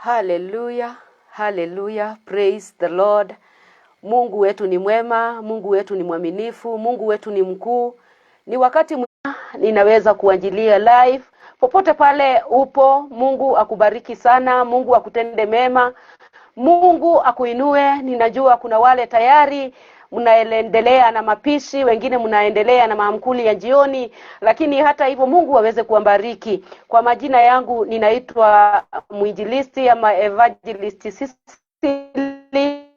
Haleluya, haleluya, praise the Lord. Mungu wetu ni mwema, Mungu wetu ni mwaminifu, Mungu wetu ni mkuu. Ni wakati mwema ninaweza kuanjilia live popote pale upo. Mungu akubariki sana, Mungu akutende mema, Mungu akuinue. Ninajua kuna wale tayari mnaendelea na mapishi, wengine mnaendelea na maamkuli ya jioni, lakini hata hivyo Mungu aweze kuwabariki. Kwa majina yangu ninaitwa mwinjilisti ama evangelist Sisili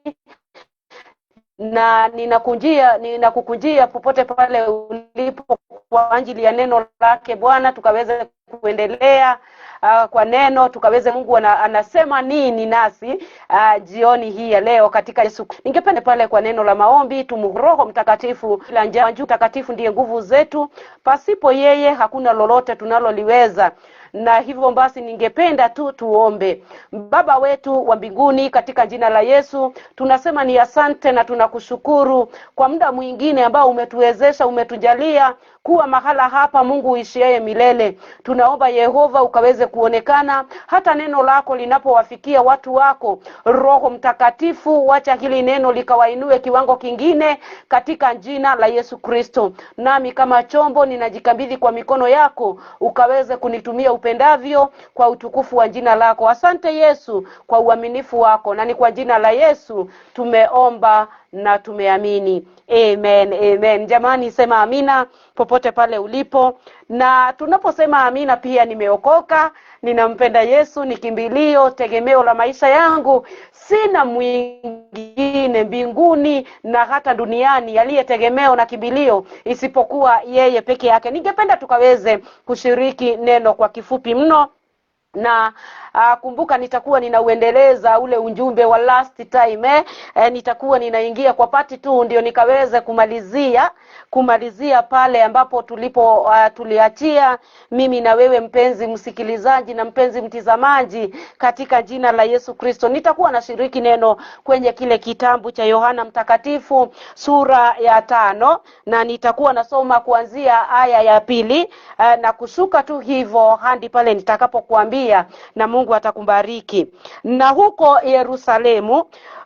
na ninakunjia ninakukunjia popote pale ulipo kwa ajili ya neno lake Bwana, tukaweze kuendelea uh, kwa neno tukaweze Mungu ana, anasema nini nasi uh, jioni hii ya leo katika Yesu. Ningependa pale kwa neno la maombi tumroho mtakatifu la njuu mtakatifu ndiye nguvu zetu, pasipo yeye hakuna lolote tunaloliweza na hivyo basi, ningependa tu tuombe. Baba wetu wa mbinguni, katika jina la Yesu tunasema ni asante na tunakushukuru kwa muda mwingine ambao umetuwezesha, umetujalia kuwa mahala hapa Mungu uishiaye milele. Tunaomba Yehova ukaweze kuonekana hata neno lako linapowafikia watu wako. Roho Mtakatifu, wacha hili neno likawainue kiwango kingine katika jina la Yesu Kristo. Nami kama chombo ninajikabidhi kwa mikono yako, ukaweze kunitumia upendavyo kwa utukufu wa jina lako. Asante Yesu kwa uaminifu wako, na ni kwa jina la Yesu tumeomba na tumeamini. Amen, amen. Jamani, sema amina popote pale ulipo, na tunaposema amina pia nimeokoka, ninampenda Yesu, ni kimbilio, tegemeo la maisha yangu, sina mwingine mbinguni na hata duniani aliye tegemeo na kimbilio isipokuwa yeye peke yake. Ningependa tukaweze kushiriki neno kwa kifupi mno na uh, kumbuka nitakuwa ninauendeleza ule ujumbe wa last time eh? Eh, nitakuwa ninaingia kwa pati tu ndio nikaweze kumalizia kumalizia pale ambapo tulipo uh, tuliachia mimi na wewe mpenzi msikilizaji na mpenzi mtizamaji katika jina la Yesu Kristo nitakuwa na shiriki neno kwenye kile kitabu cha Yohana mtakatifu sura ya tano na nitakuwa nasoma kuanzia aya ya pili uh, na kushuka tu hivyo hadi pale nitakapokuambia na Mungu Mungu atakubariki. Na huko Yerusalemu,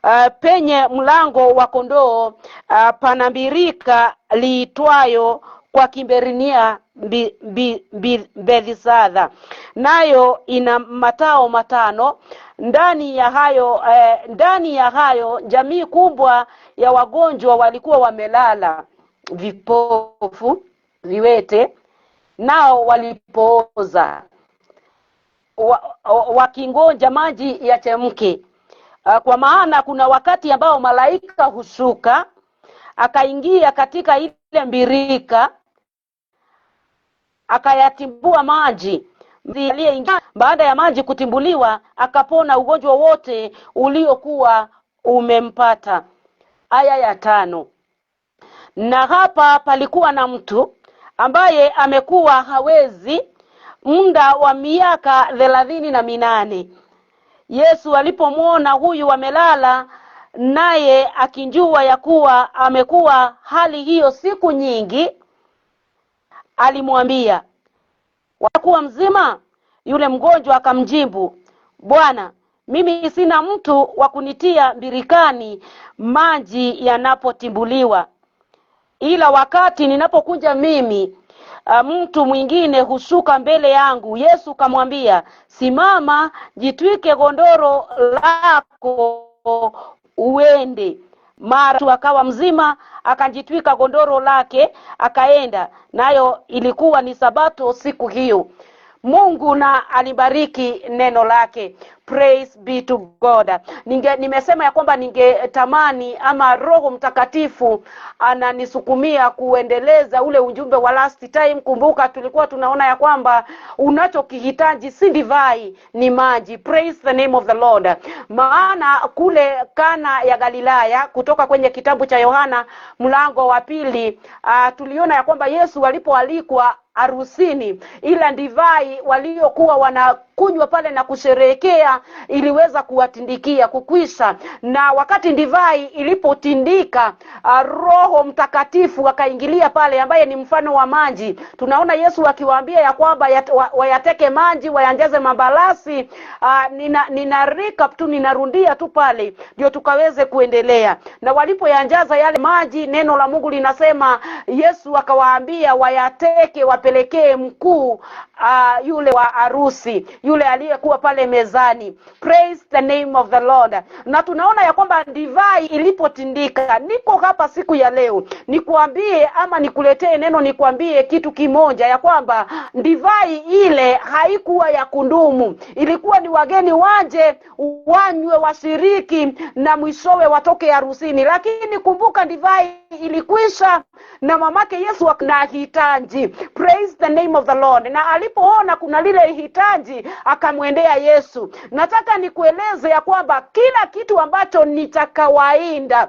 uh, penye mlango wa kondoo uh, pana birika liitwayo kwa Kimberinia bi, nayo ina matao matano. Ndani ya hayo eh, ndani ya hayo jamii kubwa ya wagonjwa walikuwa wamelala, vipofu, viwete nao walipooza wakingonja wa, wa maji yachemke. Ah, kwa maana kuna wakati ambao malaika husuka akaingia katika ile mbirika akayatimbua maji aliyeingia baada ya maji kutimbuliwa akapona ugonjwa wote uliokuwa umempata. Aya ya tano. Na hapa palikuwa na mtu ambaye amekuwa hawezi muda wa miaka thelathini na minane. Yesu alipomwona huyu amelala, naye akinjua ya kuwa amekuwa hali hiyo siku nyingi, alimwambia wakuwa mzima? Yule mgonjwa akamjibu, Bwana, mimi sina mtu wa kunitia mbirikani maji yanapotimbuliwa, ila wakati ninapokuja mimi Ah, mtu mwingine husuka mbele yangu. Yesu kamwambia, simama, jitwike gondoro lako uende. Mara akawa mzima, akajitwika gondoro lake akaenda, nayo ilikuwa ni Sabato siku hiyo. Mungu na alibariki neno lake. Praise be to God. Ninge, nimesema ya kwamba ningetamani ama Roho Mtakatifu ananisukumia kuendeleza ule ujumbe wa last time. Kumbuka tulikuwa tunaona ya kwamba unachokihitaji si divai, ni maji. Praise the name of the Lord. Maana kule Kana ya Galilaya, kutoka kwenye kitabu cha Yohana mlango wa pili, uh, tuliona ya kwamba Yesu alipoalikwa harusini, ila divai waliokuwa wanakunywa pale na kusherehekea iliweza kuwatindikia kukwisha. Na wakati divai ilipotindika, ah, Roho Mtakatifu akaingilia pale, ambaye ni mfano wa maji. Tunaona Yesu akiwaambia ya kwamba wayateke wa maji wayanjaze mabalasi. Ah, nina, nina recap tu ninarundia tu pale, ndio tukaweze kuendelea. Na walipoyanjaza yale maji, neno la Mungu linasema Yesu akawaambia wayateke wape awapelekee mkuu uh, yule wa harusi yule aliyekuwa pale mezani. Praise the name of the Lord. Na tunaona ya kwamba divai ilipotindika, niko hapa siku ya leo nikuambie ama nikuletee neno nikuambie kitu kimoja, ya kwamba divai ile haikuwa ya kundumu, ilikuwa ni wageni waje wanywe, washiriki na mwishowe watoke harusini. Lakini kumbuka divai ilikwisha na mamake Yesu anahitaji. Praise the name of the Lord na alipoona kuna lile hitaji akamwendea Yesu. Nataka nikueleze ya kwamba kila kitu ambacho ni cha kawaida,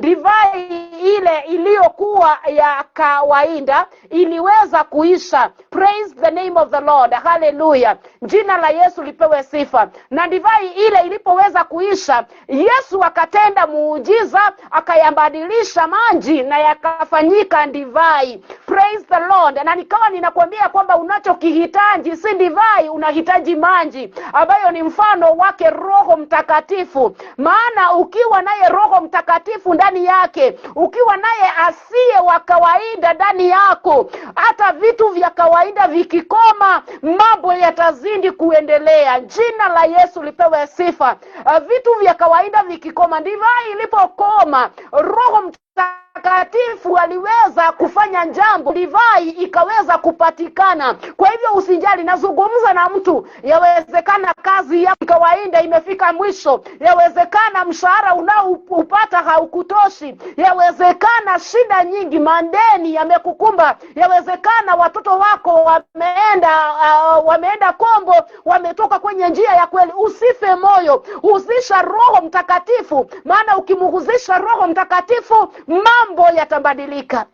divai ile iliyokuwa ya kawaida iliweza kuisha. Praise the name of the Lord, haleluya! Jina la Yesu lipewe sifa. Na divai ile ilipoweza kuisha, Yesu akatenda muujiza, akayabadilisha maji na yakafanyika divai. Praise the Lord. Na nikawa ninakwambia kwamba unachoki unahitaji si divai, unahitaji maji ambayo ni mfano wake Roho Mtakatifu. Maana ukiwa naye Roho Mtakatifu ndani yake, ukiwa naye asiye wa kawaida ndani yako, hata vitu vya kawaida vikikoma, mambo yatazidi kuendelea. Jina la Yesu lipewe sifa. Uh, vitu vya kawaida vikikoma, divai ilipokoma, Roho Mtakatifu mtakatifu aliweza kufanya jambo, divai ikaweza kupatikana. Kwa hivyo usijali, nazungumza na mtu, yawezekana kazi yako kawaida imefika mwisho, yawezekana mshahara unaoupata haukutoshi, yawezekana shida nyingi, mandeni yamekukumba, yawezekana watoto wako wameenda uh, wameenda kombo, wametoka kwenye njia ya kweli. Usife moyo, huzisha Roho Mtakatifu, maana ukimhuzisha Roho Mtakatifu mama mambo yatabadilika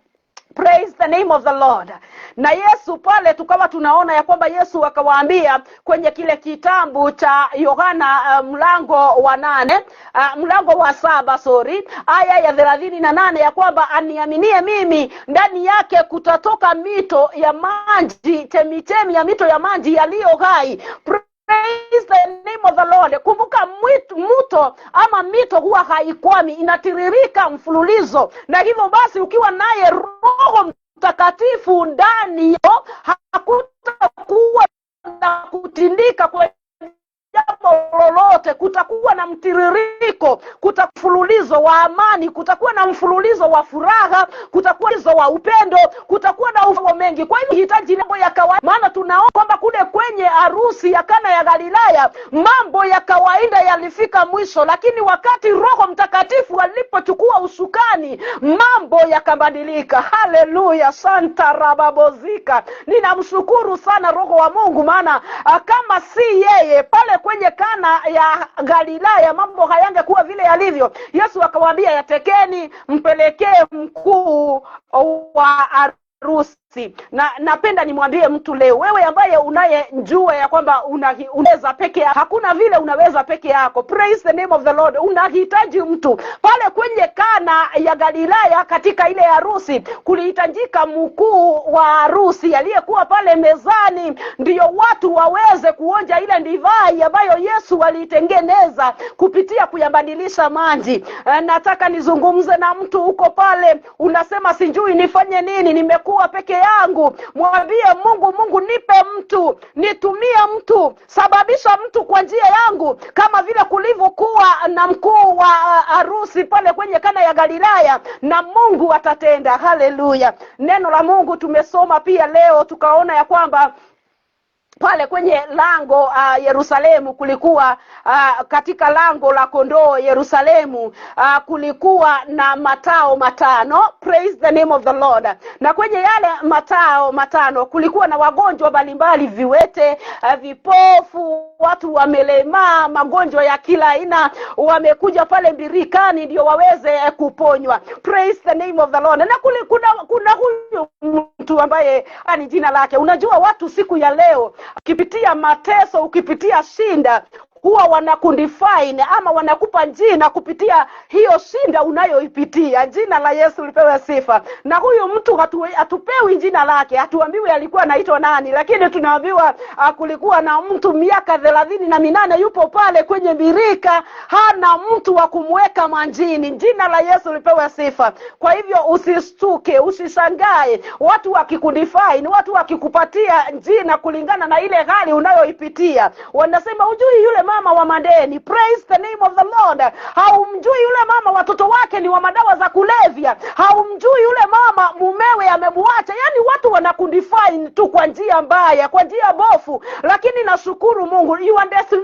praise the name of the lord na yesu pale tukawa tunaona ya kwamba yesu akawaambia kwenye kile kitabu cha yohana uh, mlango wa nane uh, mlango wa saba sori aya ya thelathini na nane ya kwamba aniaminie mimi ndani yake kutatoka mito ya maji chemichemi ya mito ya maji yaliyo hai Praise the name of the Lord. Kumbuka mwitu, muto ama mito huwa haikwami, inatiririka mfululizo, na hivyo basi ukiwa naye Roho Mtakatifu ndani yako hakutakuwa na kutindika kwa jambo lolote, kutakuwa na mtiririko, kutafululizo wa amani, kutakuwa na mfululizo wa furaha, kutakuwa mfululizo wa upendo, kutakuwa na mambo mengi. Kwa hiyo hitaji mambo ya kawaida, maana tunaona kwamba kule kwenye harusi ya Kana ya Galilaya mambo ya kawaida yalifika mwisho, lakini wakati Roho Mtakatifu alipochukua usukani mambo yakabadilika. Haleluya, santa rababozika. Ninamshukuru sana Roho wa Mungu, maana ah, kama si yeye pale kwenye yangewezekana ya Galilaya mambo hayangekuwa vile yalivyo. Yesu akawaambia, yatekeni mpelekee mkuu wa arusi binafsi, na napenda nimwambie mtu leo, wewe ambaye unayenjua ya kwamba unaweza peke yako, hakuna vile unaweza peke yako. Praise the name of the Lord. Unahitaji mtu pale kwenye Kana ya Galilaya, katika ile harusi kulihitajika mkuu wa harusi aliyekuwa pale mezani, ndiyo watu waweze kuonja ile divai ambayo Yesu alitengeneza kupitia kuyabadilisha maji. Eh, nataka nizungumze na mtu huko pale, unasema sijui nifanye nini, nimekuwa peke yangu. Mwambie Mungu, Mungu nipe mtu, nitumie mtu, sababisha mtu kwa njia yangu, kama vile kulivyokuwa na mkuu wa uh, harusi pale kwenye Kana ya Galilaya, na Mungu atatenda. Haleluya! Neno la Mungu tumesoma pia leo tukaona ya kwamba pale kwenye lango uh, Yerusalemu kulikuwa uh, katika lango la kondoo Yerusalemu uh, kulikuwa na matao matano praise the name of the Lord. Na kwenye yale matao matano kulikuwa na wagonjwa mbalimbali, viwete uh, vipofu, watu wamelemaa, magonjwa ya kila aina, wamekuja pale mbirikani ndio waweze eh, kuponywa praise the name of the Lord. Na kuna, kuna huyu mtu ambaye ni jina lake, unajua watu siku ya leo ukipitia mateso, ukipitia shinda, huwa wanakundefine ama wanakupa jina kupitia hiyo shinda unayoipitia. Jina la Yesu lipewe sifa. Na huyu mtu hatu, hatupewi jina lake, hatuambiwi alikuwa anaitwa nani, lakini tunaambiwa ah, kulikuwa na mtu miaka thelathini na minane yupo pale kwenye birika, hana mtu wa kumweka manjini. Jina la Yesu lipewe sifa. Kwa hivyo usistuke, usishangae watu wakikundefine, watu wakikupatia jina kulingana na ile hali unayoipitia, wanasema ujui yule mama mama wa madeni praise the name of the lord haumjui yule mama watoto wake ni wa madawa za kulevya haumjui yule mama mumewe amemwacha yaani watu wanakudefine tu kwa njia mbaya kwa njia bofu lakini nashukuru mungu your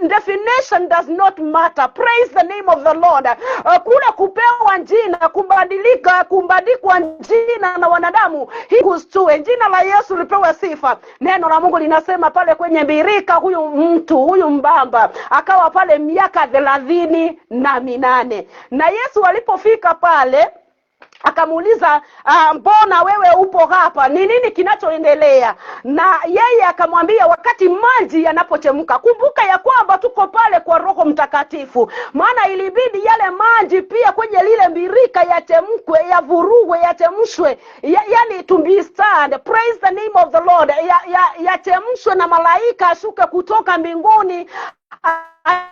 definition does not matter praise the name of the lord uh, kule kupewa jina kubadilika kumbadikwa jina na wanadamu hikustue jina la yesu lipewe sifa neno la mungu linasema pale kwenye birika huyu mtu huyu mbamba akawa pale miaka thelathini na minane na Yesu alipofika pale akamuuliza uh, mbona wewe upo hapa? Ni nini kinachoendelea? Na yeye akamwambia, wakati maji yanapochemka, kumbuka ya kwamba tuko pale kwa Roho Mtakatifu, maana ilibidi yale maji pia kwenye lile mbirika yachemkwe, yavuruwe, yachemshwe, ya, yani to praise the name of the Lord, yachemshwe ya, ya na malaika ashuke kutoka mbinguni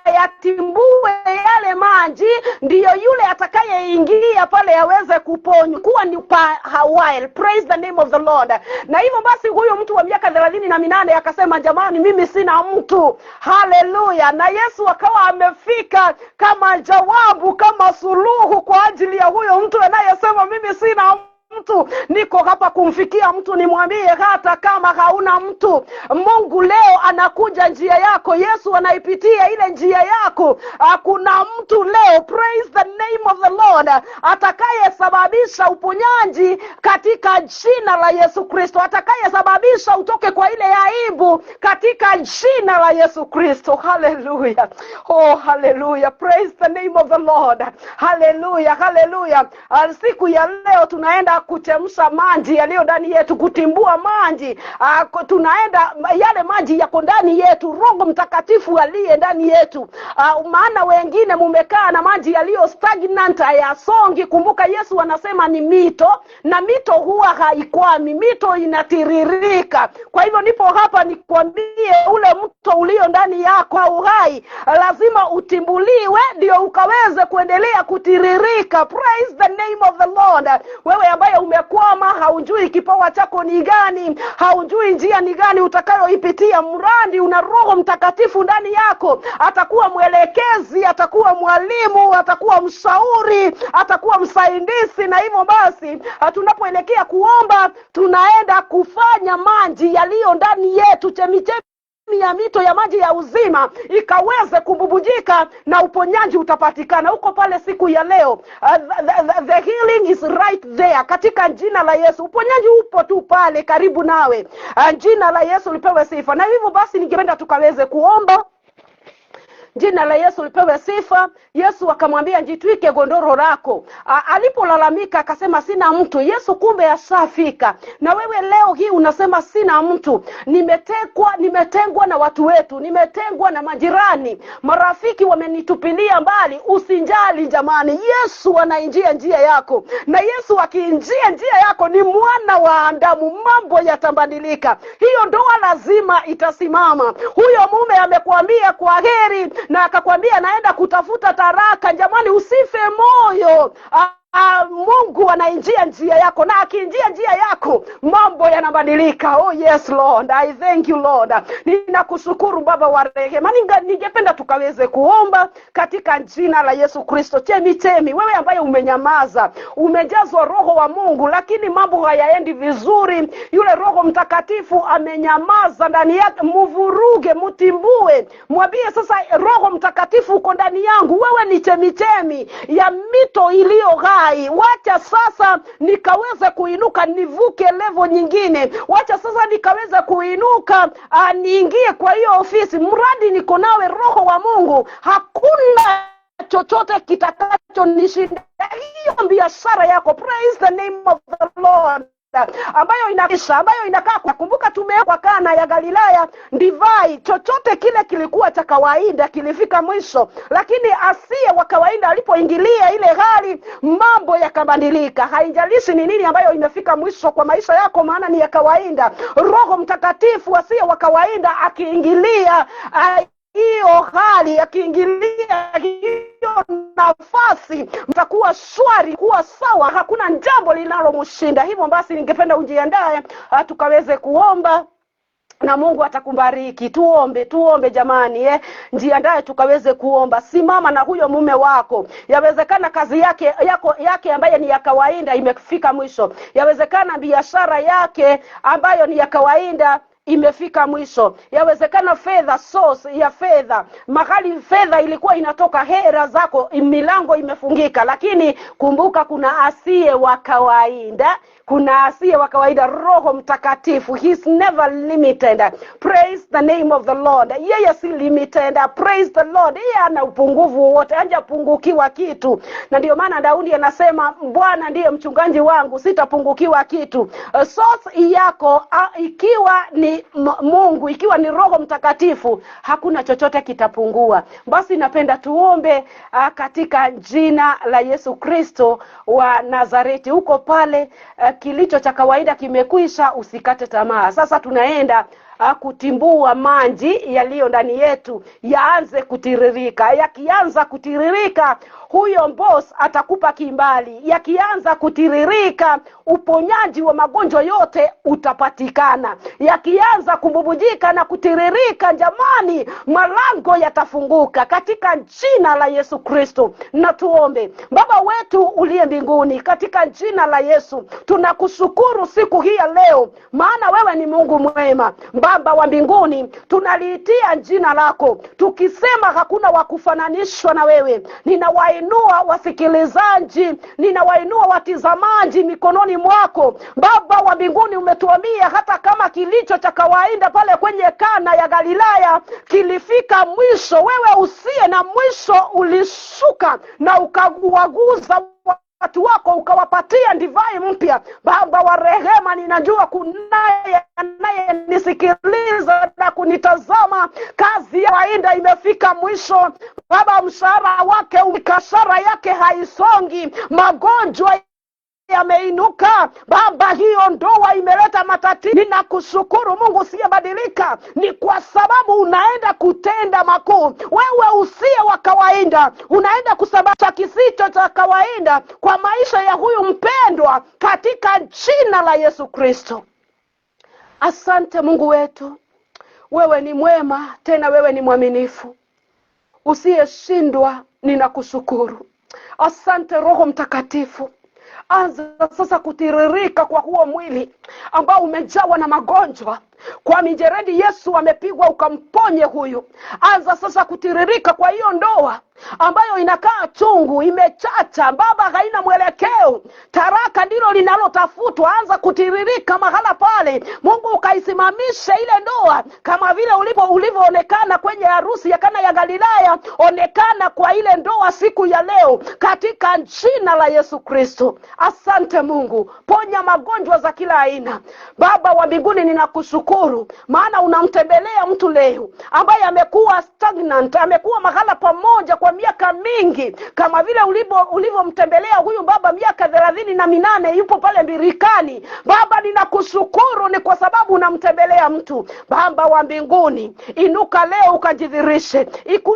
ayatimbue yale maji, ndiyo yule atakayeingia pale aweze kuponywa, kuwa ni hawail. Praise the name of the Lord. Na hivyo basi, huyu mtu wa miaka thelathini na minane akasema, jamani, mimi sina mtu. Haleluya! Na Yesu akawa amefika kama jawabu, kama suluhu kwa ajili ya huyo mtu anayesema mimi sina mtu mtu niko hapa kumfikia mtu nimwambie hata kama hauna mtu mungu leo anakuja njia yako yesu anaipitia ile njia yako kuna mtu leo praise the name of the lord atakayesababisha uponyaji katika jina la yesu kristo atakayesababisha utoke kwa ile aibu katika jina la yesu kristo haleluya oh haleluya praise the name of the lord haleluya haleluya siku ya leo tunaenda kuchemsha maji yaliyo ndani yetu, kutimbua maji uh, tunaenda yale maji yako ndani yetu, Roho Mtakatifu aliye ndani yetu uh, maana wengine mumekaa na maji yaliyo stagnant, hayasongi. Kumbuka Yesu anasema ni mito, na mito huwa haikwami, mito inatiririka. Kwa hivyo nipo hapa nikwambie, ule mto ulio ndani yako au hai lazima utimbuliwe, ndio ukaweze kuendelea kutiririka. Praise the name of the Lord. Wewe ambaye ambaye umekwama, haujui kipawa chako ni gani, haujui njia ni gani utakayoipitia. mrandi una Roho Mtakatifu ndani yako, atakuwa mwelekezi, atakuwa mwalimu, atakuwa mshauri, atakuwa msaidizi. Na hivyo basi, tunapoelekea kuomba, tunaenda kufanya maji yaliyo ndani yetu, chemichemi ya mito ya maji ya uzima ikaweze kububujika na uponyaji utapatikana huko pale siku ya leo. Uh, the, the, the healing is right there, katika jina la Yesu. Uponyaji upo tu pale karibu nawe. Uh, jina la Yesu lipewe sifa. Na hivyo basi, ningependa tukaweze kuomba Jina la Yesu lipewe sifa. Yesu akamwambia jitwike gondoro lako. Alipolalamika akasema sina mtu. Yesu kumbe ashafika. Na wewe leo hii unasema sina mtu, nimetekwa, nimetengwa na watu wetu, nimetengwa na majirani, marafiki wamenitupilia mbali. Usinjali jamani, Yesu anainjia njia yako, na Yesu akiinjia njia yako ni mwana wa Adamu, mambo yatabadilika. Hiyo ndoa lazima itasimama. Huyo mume amekwambia kwa heri, na akakwambia naenda kutafuta taraka jamani usife moyo ah, uh, mungu anaingia njia yako na akiingia njia yako mambo yanabadilika oh yes lord i thank you lord ninakushukuru baba wa rehema ningependa tukaweze kuomba katika jina la yesu kristo chemi chemi wewe ambaye umenyamaza umejazwa roho wa mungu lakini mambo hayaendi vizuri yule roho mtakatifu amenyamaza ndani yake muvuruge mutimbue mwambie sasa roho mtakatifu uko ndani yangu wewe ni chemichemi ya mito iliyo gha hai. Wacha sasa nikaweze kuinuka, nivuke levo nyingine. Wacha sasa nikaweze kuinuka, ah, niingie kwa hiyo ofisi. Mradi niko nawe, Roho wa Mungu, hakuna chochote kitakachonishinda hiyo biashara yako. Praise the name of the Lord ambayo inaisha ambayo inakaa kumbuka, kwa Kana ya Galilaya divai. Chochote kile kilikuwa cha kawaida, kilifika mwisho, lakini asiye wa kawaida alipoingilia ile hali, mambo yakabadilika. Haijalishi ni nini ambayo imefika mwisho kwa maisha yako, maana ni ya kawaida. Roho Mtakatifu asiye wa kawaida akiingilia ay hiyo hali, akiingilia hiyo nafasi, mtakuwa shwari, kuwa sawa, hakuna jambo linalomshinda. Hivyo basi, ningependa ujiandae ah, tukaweze kuomba na Mungu atakubariki. Tuombe, tuombe jamani eh. ndaye tukaweze kuomba. Simama na huyo mume wako, yawezekana kazi yake yako yake ambayo ni ya kawaida imefika mwisho, yawezekana biashara yake ambayo ni ya kawaida imefika mwisho yawezekana fedha source ya fedha mahali fedha ilikuwa inatoka hera zako milango imefungika lakini kumbuka kuna asiye wa kawaida kuna asiye wa kawaida roho mtakatifu he's never limited praise the name of the lord yeye si limited praise the lord yeye ana upungufu wowote hajapungukiwa kitu na ndio maana daudi anasema bwana ndiye mchungaji wangu sitapungukiwa kitu uh, source yako ikiwa ni mungu ikiwa ni roho mtakatifu hakuna chochote kitapungua basi napenda tuombe uh, katika jina la yesu kristo wa nazareti huko pale uh, kilicho cha kawaida kimekwisha, usikate tamaa. Sasa tunaenda ah, kutimbua maji yaliyo ndani yetu yaanze kutiririka. Yakianza kutiririka, huyo boss atakupa kimbali. Yakianza kutiririka, uponyaji wa magonjwa yote utapatikana. Yakianza kububujika na kutiririka, jamani, malango yatafunguka katika jina la Yesu Kristo. Na tuombe. Baba wetu uliye mbinguni, katika jina la Yesu tunakushukuru siku hii ya leo, maana wewe ni Mungu mwema. Baba wa mbinguni, tunaliitia jina lako tukisema hakuna wakufananishwa na wewe nina ninawainua wasikilizaji ninawainua watizamaji mikononi mwako baba wa mbinguni umetuamia hata kama kilicho cha kawaida pale kwenye kana ya galilaya kilifika mwisho wewe usiye na mwisho ulishuka na ukaguaguza watu wako ukawapatia divai mpya. Baba wa rehema, ninajua kunaye anayenisikiliza na kunitazama. Kazi ya wainda imefika mwisho. Baba, mshahara wake, mikashara yake haisongi, magonjwa yameinuka. Baba, hiyo ndoa imeleta matatizo. Ninakushukuru Mungu usiyebadilika, ni kwa sababu unaenda kutenda makuu. Wewe usiye wa kawaida unaenda kusababisha kisicho cha kawaida kwa maisha ya huyu mpendwa, katika jina la Yesu Kristo. Asante Mungu wetu, wewe ni mwema, tena wewe ni mwaminifu usiyeshindwa. Ninakushukuru, asante Roho Mtakatifu anza sasa kutiririka kwa huo mwili ambao umejawa na magonjwa kwa mijeredi yesu amepigwa ukamponye huyu anza sasa kutiririka kwa hiyo ndoa ambayo inakaa chungu imechacha baba haina mwelekeo taraka ndilo linalotafutwa anza kutiririka mahala pale mungu ukaisimamisha ile ndoa kama vile ulipo ulivyoonekana kwenye harusi ya kana ya galilaya onekana kwa ile ndoa siku ya leo katika jina la yesu kristo asante mungu ponya magonjwa za kila aina baba wa mbinguni ninakushukuru kumshukuru, maana unamtembelea mtu leo ambaye amekuwa stagnant, amekuwa mahala pamoja kwa miaka mingi, kama vile ulivyomtembelea huyu baba miaka thelathini na minane yupo pale mbirikani. Baba, ninakushukuru ni kwa sababu unamtembelea mtu. Baba wa mbinguni, inuka leo ukajidhirishe,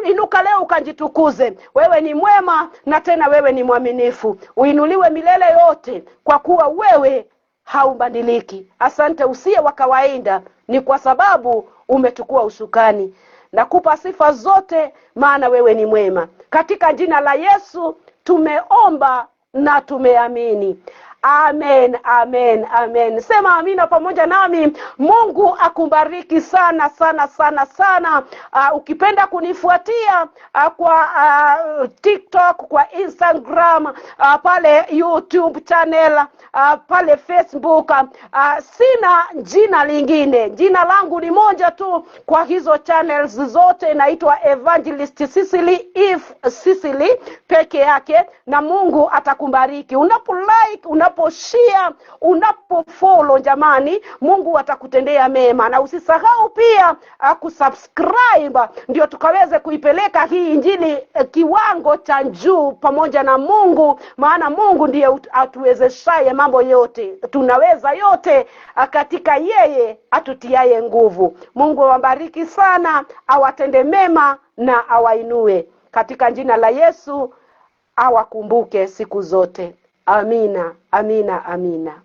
inuka leo ukajitukuze. Wewe ni mwema na tena wewe ni mwaminifu, uinuliwe milele yote, kwa kuwa wewe haubadiliki. Asante, usiye wa kawaida ni kwa sababu umechukua usukani. Nakupa sifa zote, maana wewe ni mwema. Katika jina la Yesu tumeomba na tumeamini. Amen, amen, amen. Sema amina pamoja nami. Mungu akubariki sana sana sana sana. Uh, ukipenda kunifuatia uh, kwa uh, TikTok, kwa Instagram, uh, pale YouTube channel, uh, pale Facebook, uh, sina jina lingine. Jina langu ni moja tu kwa hizo channels zote, inaitwa Evangelist Sicily If Sicily peke yake, na Mungu atakubariki unapo like, unapo unaposhia unapofolo, jamani, Mungu atakutendea mema, na usisahau pia ah, kusubscribe, ndio tukaweze kuipeleka hii injili eh, kiwango cha juu pamoja na Mungu, maana Mungu ndiye atuwezeshaye mambo yote, tunaweza yote ah, katika yeye atutiaye nguvu. Mungu awabariki sana, awatende mema na awainue katika jina la Yesu, awakumbuke siku zote. Amina, amina, amina.